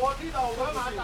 我知道我想買。